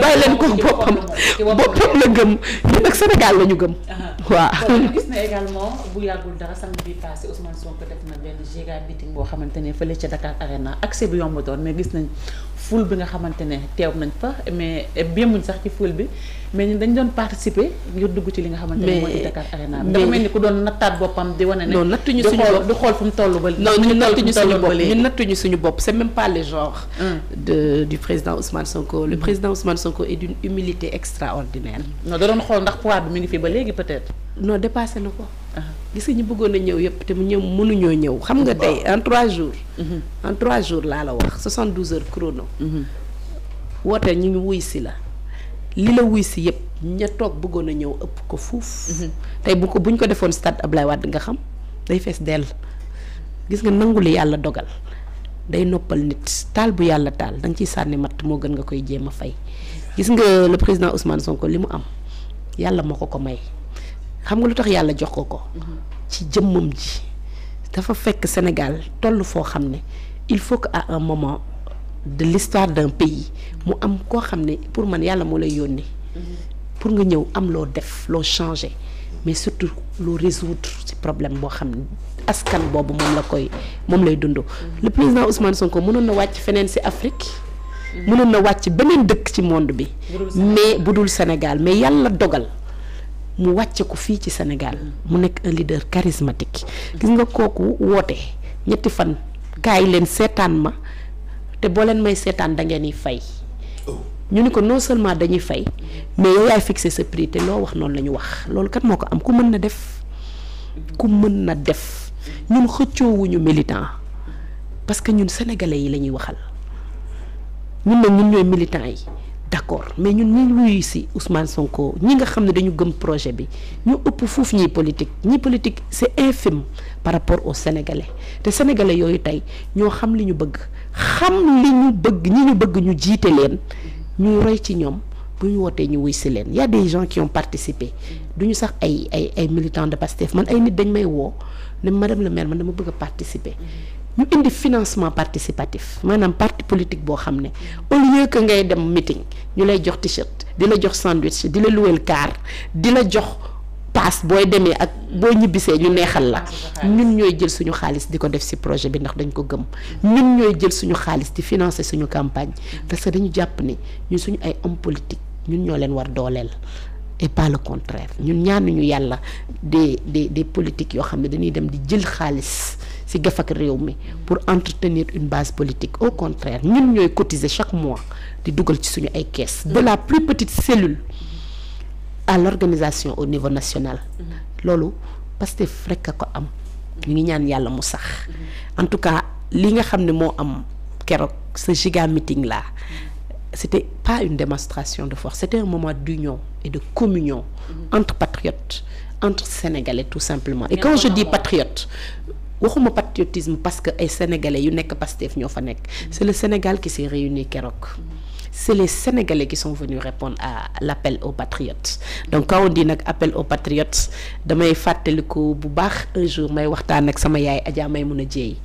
bàyyi leen ko boppam boppam la gëm ñun nag Sénégal la ñu gëm. waaw gis na également bu yàggul dara samedi bi passé Ousmane na benn giga meeting boo xamante ne fële ca Dakar Arena accès bi yomb doon mais gis nañ foule bi nga xamante ne teew nañ fa mais yemuñ sax ci foule bi mais ñun dañ doon participer ngir dugg ci li nga xamante ne mooy Dakar Arena dafa mel ni ku doon nattaat boppam di wane ne non nattuñu suñu bopp du xool toll ba non ñun nattuñu suñu bopp ñun nattuñu suñu bopp c'est même pas le genre mm. de du président Ousmane Sonko le mm. président Ousmane Sonko est d'une humilité extraordinaire non da doon xool ndax poids bi mu ngi fi ba léegi peut-être non dépassé na ko gis nga ñu bëggoon a ñëw yëpp te mu ñëw mënuñoo ñëw xam nga tey en trois jours mhm. en trois la wax soixante douze heures chrono mhm. woote ñu ngi wuy si la li la wuy si yëpp ña bëggoon a ñëw ëpp ko fuuf mhm. tey bu ko buñ ko defoon stade Ablaye Wade nga xam day dell gis nga nangu li yàlla dogal day noppal nit taal bu yàlla taal da nga ciy sànni matt moo gën nga koy jéem a fay gis nga le président Ousmane Sonko li mu am yàlla moo ko ko may xam nga lu tax yàlla jox ko ko. Mhm. ci jëmmam ji dafa fekk Sénégal toll foo xam ne il faut que à un moment de l'histoire d'un pays mu am koo xam ne pour man yàlla moo lay yónni. Mhm. pour nga ñëw am loo def loo changer mais surtout loo résoudre ci problème boo xam ne askan boobu moom la koy moom lay dund. Mhm. le président Ousmane Sonko mënoon na wàcc feneen ci Afrique. mënoon na wàcc beneen dëkk ci monde bi. mais bu dul Sénégal mais yàlla dogal. mu wàcce ku fii ci Sénégal mu nekk un leader charismatique gis nga kooku woote ñetti fan kaay leen seetaan ma te boo leen may seetaan da ngeen di fay oh. ñu ni ko non seulement dañuy fay mais yow yaay fixé sa prix te loo wax noonu la ñu wax loolu kat moo ko am ku mën na def ku mën na def ñun xëccoowuñu militant parce que ñun sénégalais yi la ñuy waxal ñun nag ñun ñooy militant yi d'accord mais ñun ñi wuyu si Ousmane Sonko ñi nga xam ne dañu gëm projet bi ñu ëpp fuuf ñiy politique ñi politique c'est infime par rapport au sénégalais te sénégalais yooyu tey ñoo xam li ñu bëgg xam li ñu bëgg ñu jiite leen ñuy roy ci ñoom bu ñu wootee ñu wuy si leen y de des gens qui ont participé du ñu sax ay ay ay militants de Pastef man ay nit dañ may woo ne madame le maire man dama bëgg a participer. ñu indi financement participatif maanaam parti politique boo xam ne au lieu que ngay dem meeting ñu lay jox t-shirt di la jox sandwich di la luweel kaar di la jox paas booy demee ak boo ñibbisee ñu neexal la ñun ñooy jël suñu xaalis di ko def ci projet bi ndax dañ ko gëm ñun ñooy jël suñu xaalis di financer suñu campagne parce que dañu jàpp ni ñu suñu ay homme politique ñun ñoo leen war dooleel et pas le contraire ñun ñaanuñu yàlla des des des politiques yoo xam ne dañuy dem di jël xaalis ci gaf ak réew mi pour entretenir une base politique au contraire ñun ñooy cotiser chaque mois di dugal ci suñu ay caisse de la plus petite cellule à l'organisation au niveau national mm-hmm. loolu Pastef rekk a ko am ñu ngi ñaan yàlla mu sax mm-hmm. en tout cas li nga xam ne moo am keroog sa giga meeting là mm-hmm. c'était pas une démonstration de force c'était un moment d'union et de communion entre patriotes entre sénégalais tout simplement et quand je dis patriote waxuma patriotisme parce que ay sénégalais yu nekk Pastef ñoo fa nekk c'est le Sénégal qui s'est réuni keroog c'est les sénégalais qui sont venus répondre à l'appel au patriotes donc quand on nag appel aux patriotes damay fàttaliku bu baax un jour may waxtaan ak sama yaay may Adja a Jéey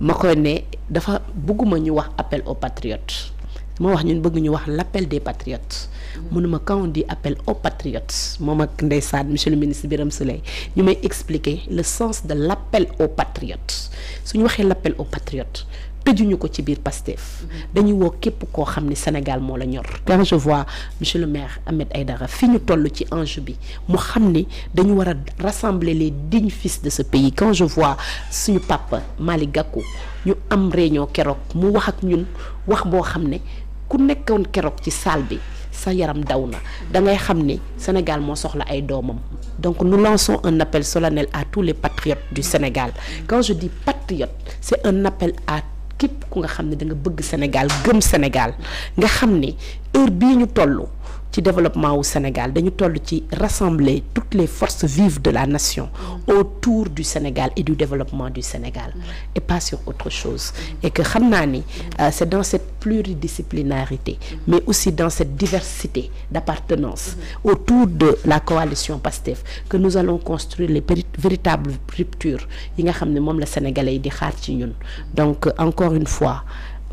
ma koy ne dafa bëgguma ñu wax appel au patriotes moo wax ñun bëgg ñu wax l'appel des patriotes mënuma quand di dit appel aux patriotes moom ak ndeysaan monsieur le ministre biram Souleye ñu may expliquer le sens de l'appel aux patriotes suñu waxee l'appel aux patriotes tëjuñu ko ci biir Pastef dañuy woo képp koo xam ni Sénégal moo la ñor quand je vois monsieur le maire Ahmed Aïdara fi ñu toll ci enjeu bi mu xam ni dañu war a rassembler les dignes fils de ce pays quand je vois suñu papa Malick gàkku ñu am réunion keroog mu wax ak ñun wax boo xam ne ku nekkoon keroog ci salle bi sa yaram daw na da xam ni Sénégal moo soxla ay doomam donc nous lançons un appel solennel à tous les patriotes du Sénégal quand je dis patriote c'est un appel à képp ku nga xam ne da nga bëgg Sénégal gëm Sénégal nga xam ni heure bii ñu toll. ci développement wu Sénégal dañu toll ci rassembler toutes les forces vives de la nation mm-hmm. autour du Sénégal et du développement du Sénégal mm-hmm. et pas sur autre chose et que xam naa ni mm-hmm. euh, c'est dans cette pluridisciplinarité mais aussi dans cette diversité d'appartenance autour de la coalition PASTEF que nous allons construire les véritables ruptures yi nga xam ne moom la Sénégalais di xaar ci ñun donc encore une fois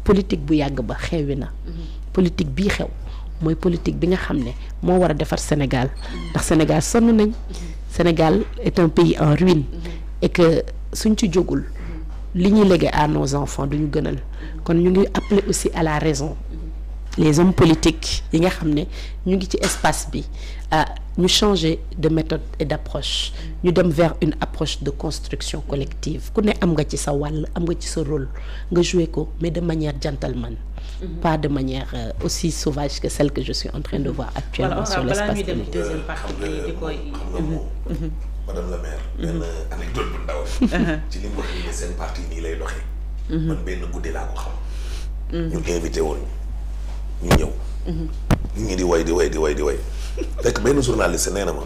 politique bu yàgg ba xewi na politique bii xew mooy politique bi nga xam ne moo war a defar Sénégal ndax Sénégal sonn nañ Sénégal est un pays en ruine et que suñ ci jógul li ñuy légué à nos enfants duñu gënal kon ñu ngi appeler aussi à la raison les hommes politiques yi nga xam ne ñu ngi ci espace bi ah ñu changer de méthode et d'approche ñu dem vers une approche de construction collective ku ne am nga ci sa wàll am nga ci sa rôle nga jouer ko mais de manière gentleman Mm-hmm. pas de manière euh, aussi sauvage que celle que je suis en train de voir actuellement sur l'espace public. Euh, mm-hmm. Mm-hmm. la maire. benn anecdote uh-huh. seen parti nii lay doxee. man benn guddi laa ko xam. ñu invité woon ñu ñëw. nit ñi di way di way di way di way fekk benn journaliste nee na ma.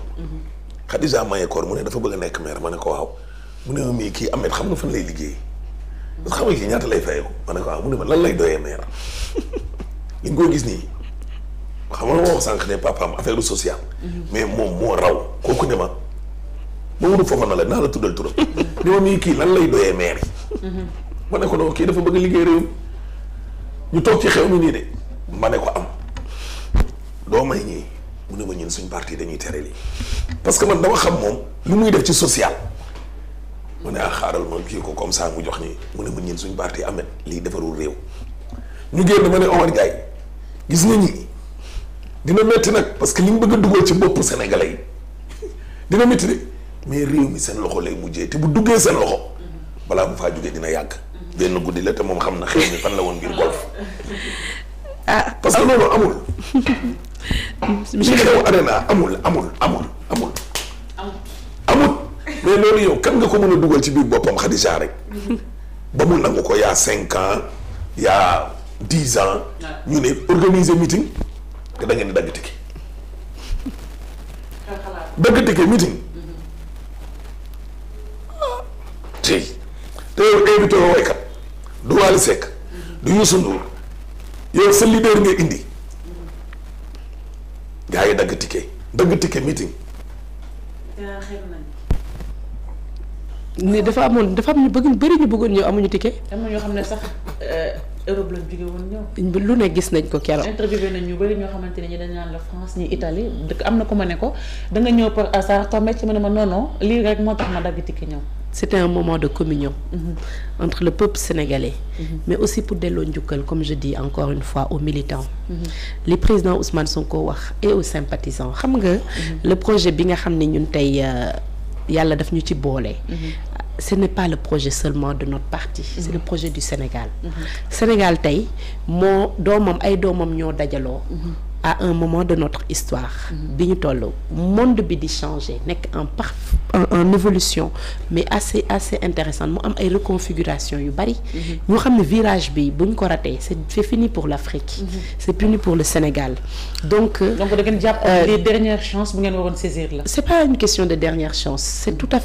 Khadija Mahécor mu ne dafa bëgg a nekk maire ma ne ko waaw mu ne ma kii Ahmed xam nga fan lay liggéey. xam nga si ñaata lay fayeeku ma ko am ah, mu ne ma lan lay doyee maire li nga ko gis nii xam nga ma wax sànq ne papaam affaire sociale. Mhm. mais moom moo raw kooku ne ma Mamadou Fofana la naa la kii lan lay doyee mhm. ma ne kii dafa bëgg liggéey réew ñu toog ma ne mu ne ma ñun suñ parti dañuy tere lii parce que man dama xam moom lu muy def ci social. mu ne ah xaaral ma kii ko comme saa mu jox ñi mu ne ma ñun suñu parti amet lii defarul réew ñu génn ma ne Omar Gaye gis nga ñi dina métti nag parce que li mu bëgg dugal ci bopp Sénégalais yi dina métti de mais réew mi seen loxo lay mujjee te bu duggee seen loxo balaa mu faa jógee dina yàgg benn guddi la te moom xam na xew mi fan la woon ngir golf ah parce que loolu amul li xew arena amul amul amul mais loolu yow kan nga ko mën a dugal ci biir boppam Khadija rek ba mu nangu ko y'a cinq ans y'a dix ans ñu ne organiser meeting te da ngeen di dagg tike dagg tike meeting mm-hmm. tey te yow invité mm-hmm. nga indi mm-hmm. gaa yi dagg tike dagg meeting ne dafa amoon dafa am ñu bëgg bëri ñu bëggoon ñëw amuñu ticket. am na ñoo xam ne sax euh, Europe lañ jóge woon ñëw. lu ne gis nañ ko keroog. interviewé nañ ñu bëri ñoo xamante ne ñi dañ naan la France ñi Italie dëkk am na ku ma ne ko da nga ñëw par hasard tombé ma ne lii rek moo tax ma dagg ticket ñëw. c'était un moment de communion. Mmh. entre le peuple sénégalais. Mmh. mais aussi pour delloo njukkal comme je dis encore une fois aux militants. Mmh. li président Ousmane Sonko wax et aux sympathisants xam nga. Mhm. le projet bi nga xam ne ñun tey euh, yàlla daf ñu ci boole. Mhm. ce n'est pas le projet seulement de notre parti c'est mhm. le projet du Sénégal mhm. Sénégal tey moo doomam ay doomam ñoo dajaloo mhm. à un moment de notre histoire mm-hmm. bi ñu toll monde bi di changer nekk en par en évolution mais assez assez intéressante mu am ay reconfiguration yu bari mm-hmm. ñu xam ne virage bi bu ñu ko ratee c'est c'est fini pour l'Afrique mm-hmm. c'est fini pour le Sénégal donc euh, donc da ngeen jàpp euh, les dernières chances bu ngeen waroon la c'est question de dernière chance c'est tout à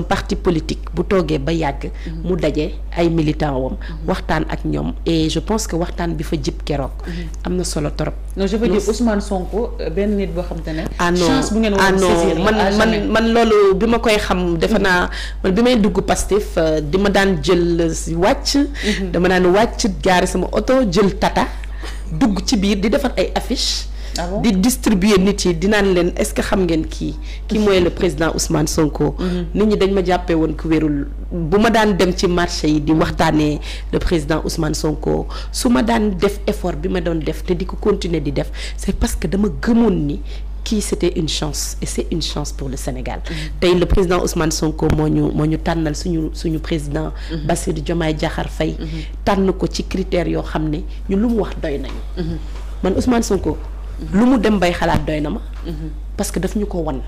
parti politique bu toogee ba yàgg mu daje ay militants wam waxtaan ak ñoom je pense que waxtaan bi fa jib keroog am na solo trop torop non Sonko euh, benn nit boo xam ne. Ah chance bu ngeen ah war a saisir man man man loolu bi ma koy xam defe naa man bi may dugg Pastef euh, di daan jël si wàcc. Mhm. dama daan wàcc gaari sama oto jël tata dugg ci biir di defar ay affiche Ah di distribuer nit yi dinaan leen est-ce que xam ngeen kii kii mooy le président Ousmane Sonko. Mhm. nit ñi dañ ma jàppee woon ku bu ma daan dem ci marché yi di waxtaanee le président Ousmane Sonko su ma daan def effort bi ma doon def te di ko continuer di def c'est parce que dama gëmoon ni kii c'était une chance et c'est une chance pour le Sénégal mhm. tey le président Ousmane Sonko moo ñu moo ñu tànnal suñu suñu président mhm. Bassirou Diomaye Diakhar Faye tànn ko ci critères yoo xam ne lu mu wax doy nañu man Ousmane Sonko lu mu dem bay xalaat doy na ma. parce que daf ñu ko wan.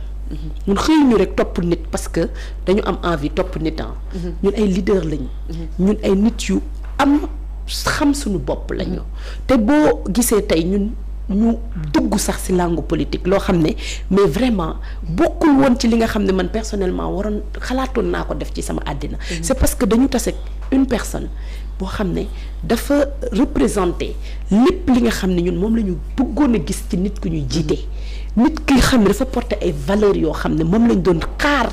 ñun xëy rek topp nit parce que dañu am envie topp nit ah. ñun ay leader lañu. ñun ay nit yu am xam suñu bopp lañu. te boo gisee tey ñun ñu dugg sax ci langue politique loo xam ne mais vraiment bokkul woon ci li nga xam ne man personnellement waroon xalaatoon naa ko def ci sama àddina. Mm-hmm. c'est parce que dañu tase une personne boo xam ne dafa représenter lépp li nga xam ne ñun moom la ñu bëggoon a gis ci nit ku ñuy jiite nit ki xam ne dafa porter ay valeurs yoo xam ne moom lañ doon xaar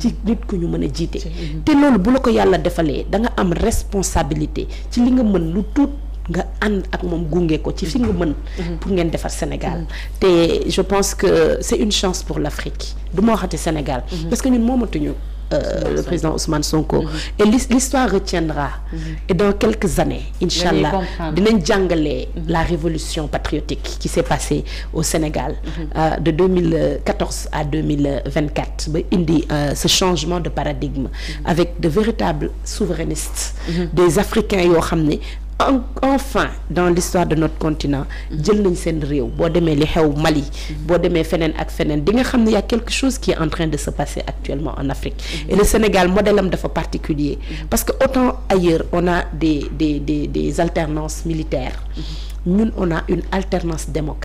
ci nit ku ñu mën a jiite te loolu bu la ko yàlla defalee da nga am responsabilité ci li nga mën lu tuut nga ànd ak moom gunge ko ci fi nga mën mm-hmm. pour ngeen defar Sénégal mm-hmm. te je pense que c'est une chance pour l'Afrique du ma waxati Sénégal mm-hmm. parce que ñun moomatuñu euh, le président Ousmane Sonko. Mm-hmm. et l'histoire retiendra. Mm-hmm. et dans quelques années incha allah dinañ jàngale mm-hmm. la révolution patriotique qui s'est passée au Sénégal. Euh, de 2014 à 2024 ba indi euh, ce changement de paradigme avec de véritables souverainistes. des Africains yoo xam ne enfin dans l'histoire de notre continent jël nañ seen réew boo demee li xew Mali boo demee feneen ak feneen di nga xam ne y a quelque chose qui est en train de se passer actuellement en Afrique et le Sénégal modèle am dafa particulier parce que autant ailleurs on a des des des des alternances militaires ñun on a une alternance